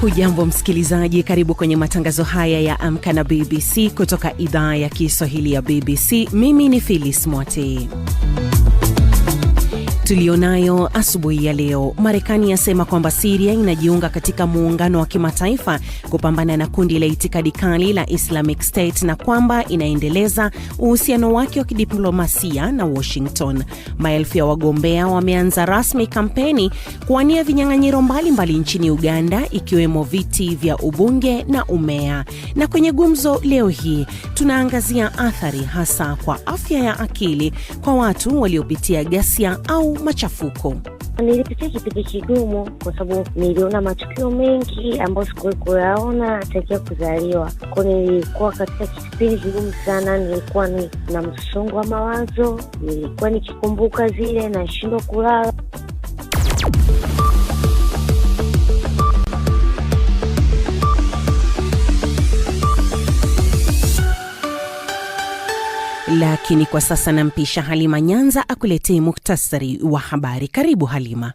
Hujambo msikilizaji, karibu kwenye matangazo haya ya Amka na BBC kutoka idhaa ya Kiswahili ya BBC. Mimi ni Phyllis Mwate tuliyonayo asubuhi ya leo. Marekani yasema kwamba Siria inajiunga katika muungano wa kimataifa kupambana na kundi la itikadi kali la Islamic State na kwamba inaendeleza uhusiano wake wa kidiplomasia na Washington. Maelfu ya wagombea wameanza rasmi kampeni kuwania vinyang'anyiro mbalimbali nchini Uganda, ikiwemo viti vya ubunge na umea. Na kwenye gumzo leo hii tunaangazia athari hasa kwa afya ya akili kwa watu waliopitia gasia au machafuko. Nilipitia kipindi kigumu kwa sababu niliona matukio mengi ambayo sikuwahi kuyaona takia kuzaliwa. ko nilikuwa katika kipindi kigumu sana, nilikuwa ni na msongo wa mawazo, nilikuwa nikikumbuka zile nashindwa kulala Lakini kwa sasa nampisha Halima Nyanza akuletee muktasari wa habari. Karibu Halima.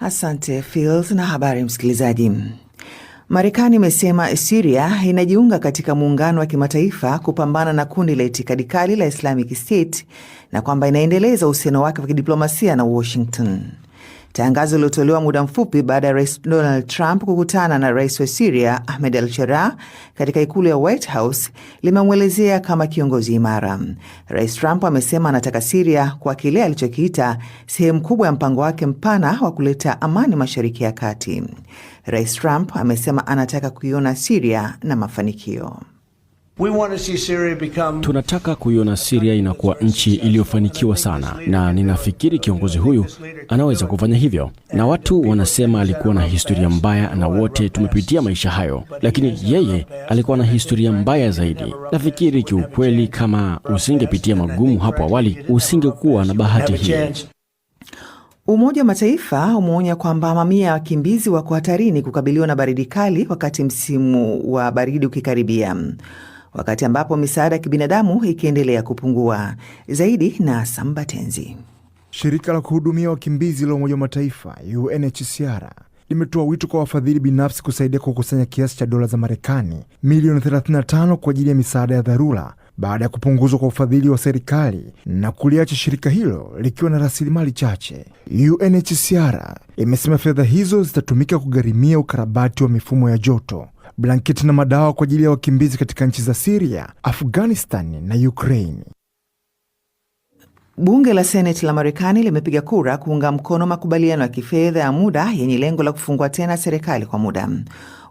Asante fils na habari msikilizaji. Marekani imesema Siria inajiunga katika muungano wa kimataifa kupambana na kundi la itikadi kali la Islamic State na kwamba inaendeleza uhusiano wake wa kidiplomasia na Washington. Tangazo lilotolewa muda mfupi baada ya Rais Donald Trump kukutana na rais wa Siria Ahmed al Sharaa katika ikulu ya White House limemwelezea kama kiongozi imara. Rais Trump amesema anataka Siria kwa kile alichokiita sehemu kubwa ya mpango wake mpana wa kuleta amani Mashariki ya Kati. Rais Trump amesema anataka kuiona Siria na mafanikio. Tunataka kuiona siria inakuwa nchi iliyofanikiwa sana, na ninafikiri kiongozi huyu anaweza kufanya hivyo. Na watu wanasema alikuwa na historia mbaya, na wote tumepitia maisha hayo, lakini yeye alikuwa na historia mbaya zaidi. Nafikiri kiukweli, kama usingepitia magumu hapo awali, usingekuwa na bahati hii. Umoja wa Mataifa umeonya kwamba mamia ya wakimbizi wako hatarini kukabiliwa na baridi kali wakati msimu wa baridi ukikaribia wakati ambapo misaada ya kibinadamu ikiendelea kupungua. Zaidi na sambatenzi Shirika la kuhudumia wakimbizi la Umoja wa Mataifa UNHCR limetoa wito kwa wafadhili binafsi kusaidia kwa kukusanya kiasi cha dola za Marekani milioni 35 kwa ajili ya misaada ya dharura baada ya kupunguzwa kwa ufadhili wa serikali na kuliacha shirika hilo likiwa na rasilimali chache. UNHCR imesema fedha hizo zitatumika kugharimia ukarabati wa mifumo ya joto blanketi na madawa kwa ajili ya wakimbizi katika nchi za Siria, Afghanistan na Ukraine. Bunge la Seneti la Marekani limepiga kura kuunga mkono makubaliano ya kifedha ya muda yenye lengo la kufungua tena serikali kwa muda.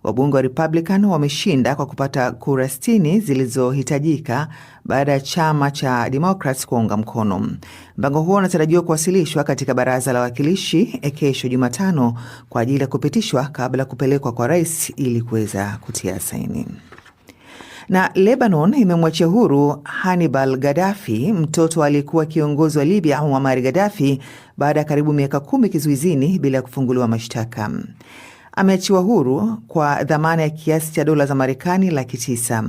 Wabunge wa Republican wameshinda kwa kupata kura 60 zilizohitajika baada ya chama cha Democrats kuunga mkono. Mpango huo unatarajiwa kuwasilishwa katika Baraza la Wawakilishi eh, kesho Jumatano kwa ajili ya kupitishwa kabla ya kupelekwa kwa rais ili kuweza kutia saini. Na Lebanon imemwachia huru Hannibal Gaddafi, mtoto aliyekuwa kiongozi wa Libya Muammar Gaddafi, baada ya karibu miaka kumi kizuizini bila ya kufunguliwa mashtaka ameachiwa huru kwa dhamana ya kiasi cha dola za Marekani laki tisa.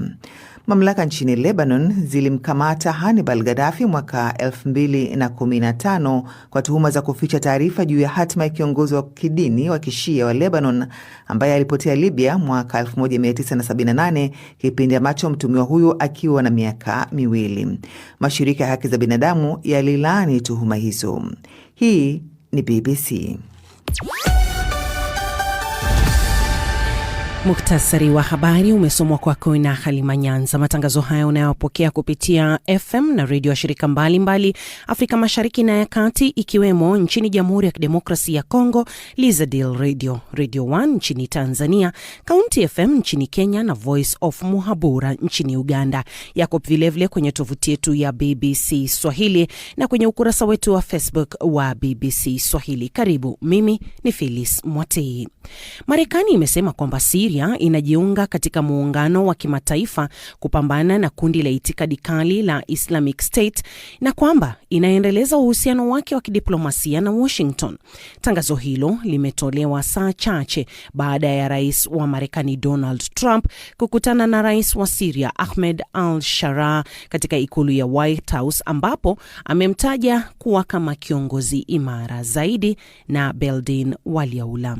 Mamlaka nchini Lebanon zilimkamata Hannibal Gaddafi mwaka 2015 kwa tuhuma za kuficha taarifa juu ya hatima ya kiongozi wa kidini wa kishia wa Lebanon ambaye alipotea Libya mwaka 1978, kipindi ambacho mtumiwa huyo akiwa na miaka miwili. Mashirika ya haki za binadamu yalilaani tuhuma hizo. Hii ni BBC. Muktasari wa habari umesomwa kwako na Halima Nyanza. Matangazo haya unayopokea kupitia FM na redio ya shirika mbalimbali mbali Afrika Mashariki na ya Kati, ikiwemo nchini Jamhuri ya Kidemokrasi ya congo Lizadil Radio, Radio 1 nchini Tanzania, Kaunti FM nchini Kenya na Voice of Muhabura nchini Uganda. Yako vilevile kwenye tovuti yetu ya BBC Swahili na kwenye ukurasa wetu wa Facebook wa BBC Swahili. Karibu, mimi ni Felis Mwatei. Marekani imesema kwamba Siria Nigeria inajiunga katika muungano wa kimataifa kupambana na kundi la itikadi kali la Islamic State na kwamba inaendeleza uhusiano wake wa kidiplomasia na Washington. Tangazo hilo limetolewa saa chache baada ya rais wa Marekani Donald Trump kukutana na rais wa Siria Ahmed al shara katika ikulu ya White House ambapo amemtaja kuwa kama kiongozi imara zaidi na Beldin Waliaula.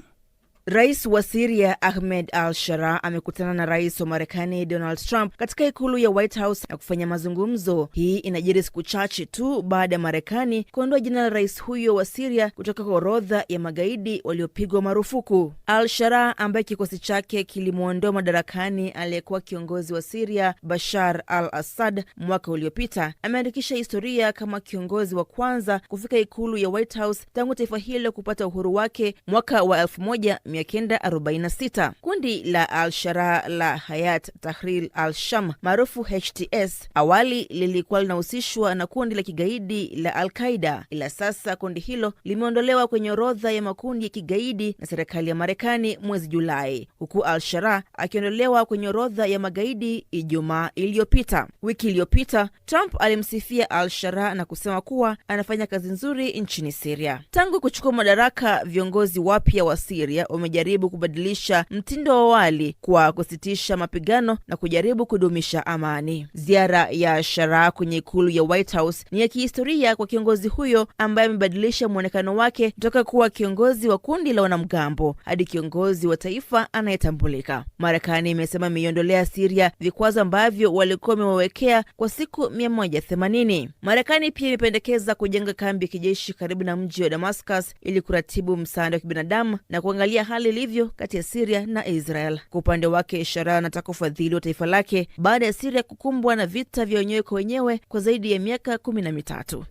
Rais wa Siria Ahmed al Shara amekutana na rais wa Marekani Donald Trump katika ikulu ya White House na kufanya mazungumzo. Hii inajiri siku chache tu baada ya Marekani kuondoa jina la rais huyo wa Siria kutoka kwa orodha ya magaidi waliopigwa marufuku. Al Shara, ambaye kikosi chake kilimwondoa madarakani aliyekuwa kiongozi wa Siria Bashar al Assad mwaka uliopita, ameandikisha historia kama kiongozi wa kwanza kufika ikulu ya White House tangu taifa hilo kupata uhuru wake mwaka wa elfu moja 1946. Kundi la Al-Sharaa la Hayat tahril al-Sham maarufu HTS awali lilikuwa linahusishwa na kundi la kigaidi la Al-Qaida, ila sasa kundi hilo limeondolewa kwenye orodha ya makundi ya kigaidi na serikali ya Marekani mwezi Julai, huku Al-Sharaa akiondolewa kwenye orodha ya magaidi Ijumaa iliyopita. Wiki iliyopita Trump alimsifia Al-Sharaa na kusema kuwa anafanya kazi nzuri nchini Siria. Tangu kuchukua madaraka, viongozi wapya wa Siria wame wamejaribu kubadilisha mtindo wa awali kwa kusitisha mapigano na kujaribu kudumisha amani. Ziara ya shara kwenye ikulu ya White House ni ya kihistoria kwa kiongozi huyo ambaye amebadilisha mwonekano wake kutoka kuwa kiongozi wa kundi la wanamgambo hadi kiongozi wa taifa anayetambulika. Marekani imesema imeiondolea Siria vikwazo ambavyo walikuwa wamewawekea kwa siku 180. Marekani pia imependekeza kujenga kambi ya kijeshi karibu na mji wa Damascus ili kuratibu msaada wa kibinadamu na kuangalia hali ilivyo kati ya Siria na Israel. Kwa upande wake, Sharaa anataka ufadhili wa taifa lake baada ya Siria kukumbwa na vita vya wenyewe kwa wenyewe kwa zaidi ya miaka kumi na mitatu.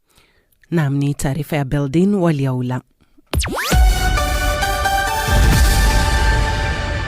Nam ni taarifa ya Beldin Waliaula.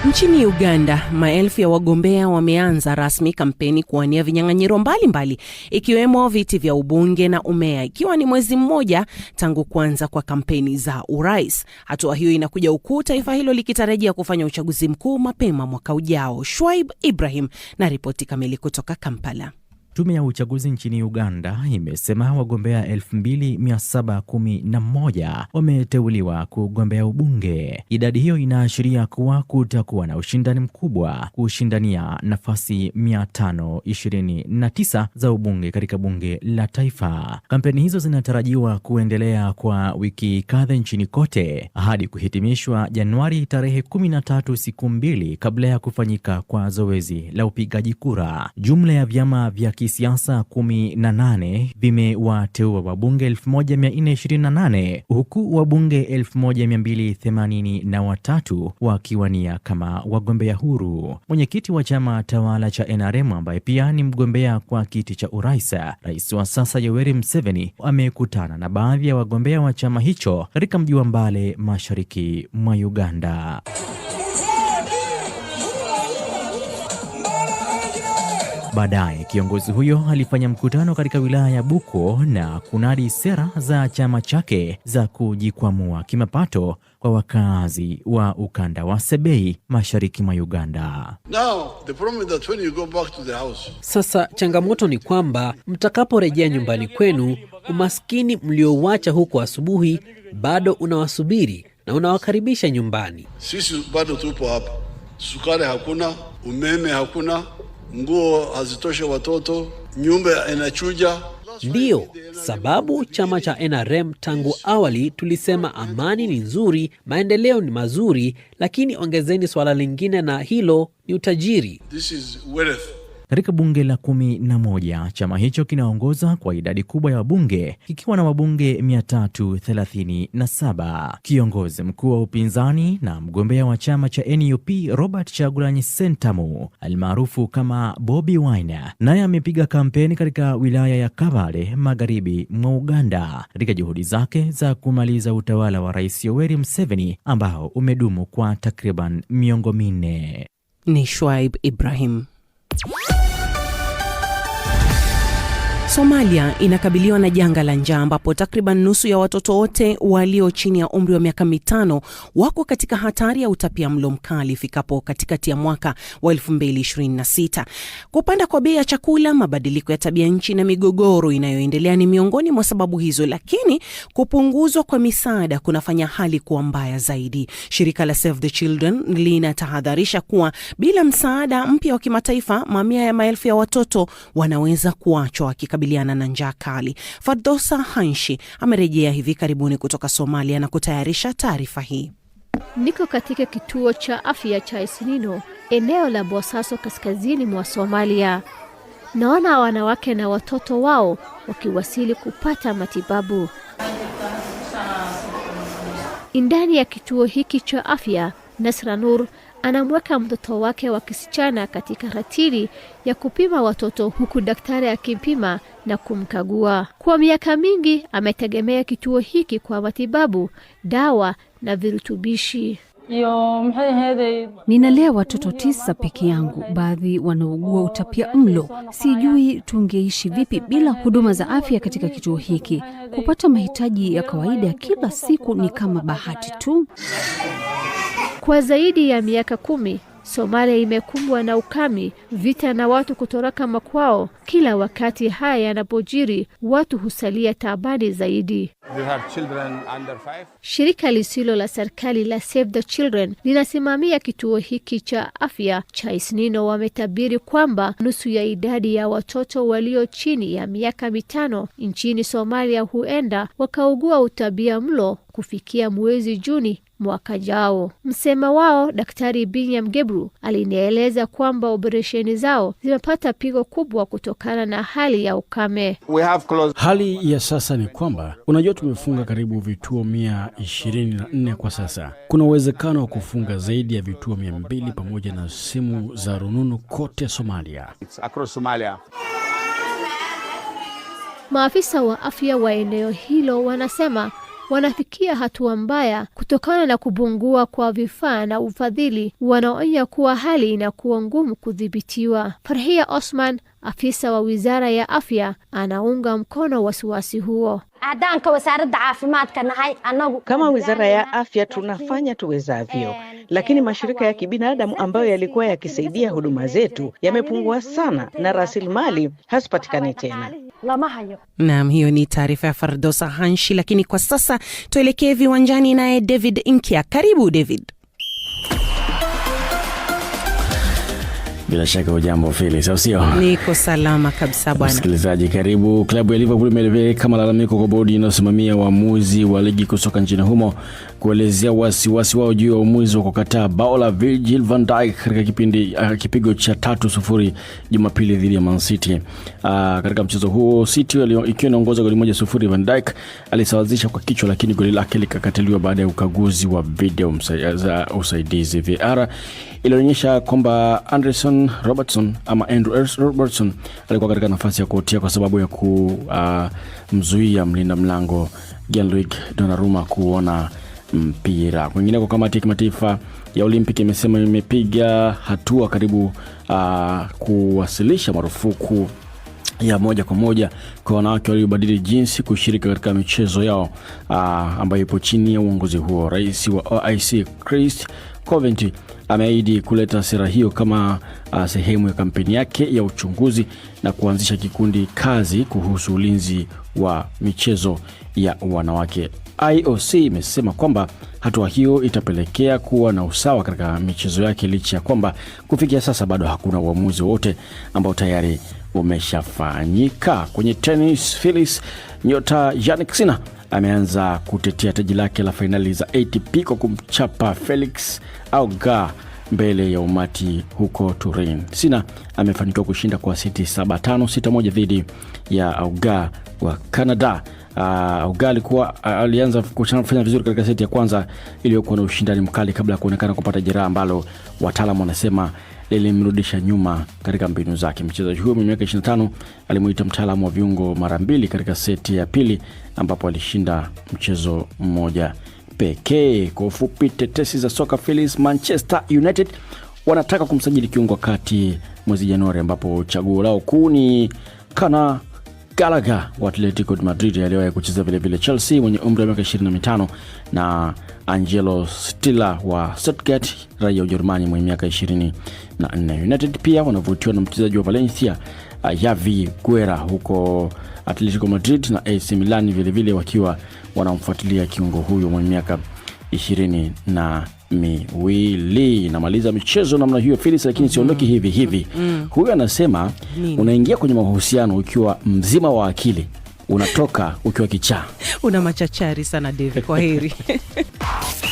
Nchini Uganda, maelfu ya wagombea wameanza rasmi kampeni kuwania vinyang'anyiro mbalimbali ikiwemo viti vya ubunge na umea, ikiwa ni mwezi mmoja tangu kuanza kwa kampeni za urais. Hatua hiyo inakuja huku taifa hilo likitarajia kufanya uchaguzi mkuu mapema mwaka ujao. Shwaib Ibrahim na ripoti kamili kutoka Kampala. Tume ya uchaguzi nchini Uganda imesema wagombea 2711 wameteuliwa kugombea ubunge. Idadi hiyo inaashiria kuwa kutakuwa na ushindani mkubwa kushindania nafasi 529 za ubunge katika bunge la taifa. Kampeni hizo zinatarajiwa kuendelea kwa wiki kadha nchini kote hadi kuhitimishwa Januari tarehe 13, siku mbili kabla ya kufanyika kwa zoezi la upigaji kura. Jumla ya vyama vya kisiasa 18 vimewateua wabunge 1428 huku wabunge 1283 wakiwania kama wagombea huru. Mwenyekiti wa chama tawala cha NRM ambaye pia ni mgombea kwa kiti cha urais, rais wa sasa Yoweri Museveni amekutana na baadhi ya wagombea wa chama hicho katika mji wa Mbale, mashariki mwa Uganda. Baadaye kiongozi huyo alifanya mkutano katika wilaya ya Buko na kunadi sera za chama chake za kujikwamua kimapato kwa wakazi wa ukanda wa Sebei mashariki mwa Uganda. Now, Sasa changamoto ni kwamba mtakaporejea nyumbani kwenu, umaskini mliouacha huko asubuhi bado unawasubiri na unawakaribisha nyumbani. Sisi bado tupo hapa, sukari hakuna, umeme hakuna nguo hazitoshe watoto, nyumba inachuja. Ndiyo sababu chama cha NRM tangu awali tulisema amani ni nzuri, maendeleo ni mazuri, lakini ongezeni swala lingine, na hilo ni utajiri. This is wealth katika bunge la kumi na moja. Chama hicho kinaongoza kwa idadi kubwa ya wabunge kikiwa na wabunge 337. Kiongozi mkuu wa upinzani na mgombea wa chama cha NUP Robert Chagulanyi Sentamu almaarufu kama Bobi Wine naye amepiga kampeni katika wilaya ya Kabale magharibi mwa Uganda katika juhudi zake za kumaliza utawala wa Rais Yoweri Museveni ambao umedumu kwa takriban miongo minne. Ni Shwaib Ibrahim. Somalia inakabiliwa na janga la njaa ambapo takriban nusu ya watoto wote walio chini ya umri wa miaka mitano wako katika hatari ya utapia mlo mkali ifikapo katikati ya mwaka wa 226 Kupanda kwa bei ya chakula, mabadiliko ya tabia nchi na migogoro inayoendelea ni miongoni mwa sababu hizo, lakini kupunguzwa kwa misaada kunafanya hali kuwa mbaya zaidi. Shirika la Save the Children linatahadharisha kuwa bila msaada mpya wa kimataifa, mamia ya maelfu ya watoto wanaweza kuachwa kukabiliana na njaa kali. Fardosa Hanshi amerejea hivi karibuni kutoka Somalia na kutayarisha taarifa hii. Niko katika kituo cha afya cha Isnino, eneo la Bosaso, kaskazini mwa Somalia. Naona wanawake na watoto wao wakiwasili kupata matibabu. Ndani ya kituo hiki cha afya, Nasra Nur anamweka mtoto wake wa kisichana katika ratili ya kupima watoto huku daktari akimpima na kumkagua. Kwa miaka mingi ametegemea kituo hiki kwa matibabu, dawa na virutubishi. Ninalea watoto tisa peke yangu, baadhi wanaugua utapia mlo. Sijui tungeishi vipi bila huduma za afya katika kituo hiki. Kupata mahitaji ya kawaida ya kila siku ni kama bahati tu. Kwa zaidi ya miaka kumi Somalia imekumbwa na ukame, vita na watu kutoroka makwao. Kila wakati haya yanapojiri, watu husalia taabani zaidi. Shirika lisilo la serikali la Save the Children linasimamia kituo hiki cha afya cha Isnino. Wametabiri kwamba nusu ya idadi ya watoto walio chini ya miaka mitano nchini Somalia huenda wakaugua utabia mlo kufikia mwezi Juni mwaka jao. Msema wao Daktari Binyam Gebru alinieleza kwamba operesheni zao zimepata pigo kubwa kutokana na hali ya ukame. Hali ya sasa ni kwamba, unajua, tumefunga karibu vituo mia ishirini na nne kwa sasa. Kuna uwezekano wa kufunga zaidi ya vituo mia mbili pamoja na simu za rununu kote Somalia. Maafisa wa afya wa eneo hilo wanasema wanafikia hatua mbaya kutokana na kupungua kwa vifaa na ufadhili, wanaonya kuwa hali inakuwa ngumu kudhibitiwa. Farhia Osman, Afisa wa wizara ya afya anaunga mkono wasiwasi huo. Kama wizara ya afya tunafanya tuwezavyo, lakini eh, mashirika ya kibinadamu ambayo yalikuwa yakisaidia huduma zetu yamepungua sana na rasilimali hazipatikani tena. Naam, hiyo ni taarifa ya Fardosa Hanshi. Lakini kwa sasa tuelekee viwanjani, naye David Inkia. Karibu David. Bila shaka hujambo Fili, sio sio? Niko salama kabisa bwana msikilizaji. Karibu. Klabu ya Liverpool kama malalamiko kwa bodi inayosimamia uamuzi wa ligi kusoka nchini humo kuelezea wasiwasi wao juu ya umwizi wa kukataa bao la Virgil van Dijk katika kipindi uh, kipigo cha tatu sufuri Jumapili dhidi ya Man City. Uh, katika mchezo huo City walio, ikiwa inaongoza goli moja sufuri, van Dijk alisawazisha kwa kichwa, lakini goli lake likakataliwa baada ya ukaguzi wa video za usaidizi. VAR ilionyesha kwamba Anderson Robertson ama Andrew Robertson alikuwa katika nafasi ya kuotea kwa sababu ya kumzuia ah, uh, mlinda mlango Gianluigi Donnarumma kuona mpira. kwa kamati ya kimataifa ya Olimpiki imesema imepiga hatua karibu uh, kuwasilisha marufuku ya moja kwa moja kwa wanawake waliobadili jinsi kushiriki katika michezo yao uh, ambayo ipo chini ya uongozi huo. Rais wa OIC Chris coventy ameahidi kuleta sera hiyo kama uh, sehemu ya kampeni yake ya uchunguzi na kuanzisha kikundi kazi kuhusu ulinzi wa michezo ya wanawake. IOC imesema kwamba hatua hiyo itapelekea kuwa na usawa katika michezo yake licha ya kwamba kufikia sasa bado hakuna uamuzi wowote ambao tayari umeshafanyika. Kwenye tenis, Felix nyota Jannik ameanza kutetea taji lake la fainali za ATP kwa kumchapa Felix ga mbele ya umati huko Turin. Sina amefanikiwa kushinda kwa seti 7-5, 6-1 dhidi ya Auga wa Canada. Uh, alikuwa uh, alianza kufanya vizuri katika seti ya kwanza iliyokuwa na ushindani mkali kabla ya kuonekana kupata jeraha ambalo wataalamu wanasema lilimrudisha nyuma katika mbinu zake. Mchezaji huyo mwenye miaka 25 alimuita mtaalamu wa viungo mara mbili katika seti ya pili ambapo alishinda mchezo mmoja pekee. Kwa ufupi, tetesi za soka Phillies Manchester United wanataka kumsajili kiungo kati mwezi Januari, ambapo chaguo lao kuu ni Kana Gallagher wa Atletico Madrid aliyewahi kucheza vilevile Chelsea mwenye umri wa miaka 25 na Angelo stila wa Stuttgart raia Ujerumani mwenye miaka 24. United pia wanavutiwa na mchezaji wa Valencia yavi Guerra huko Atletico Madrid na AC Milan vilevile wakiwa wanamfuatilia kiungo huyo mwenye miaka 24 miwili. Inamaliza michezo namna hiyo Felix, lakini mm siondoki hivi hivi mm huyu anasema unaingia kwenye mahusiano ukiwa mzima wa akili, unatoka ukiwa kichaa. Una machachari sana David, kwa heri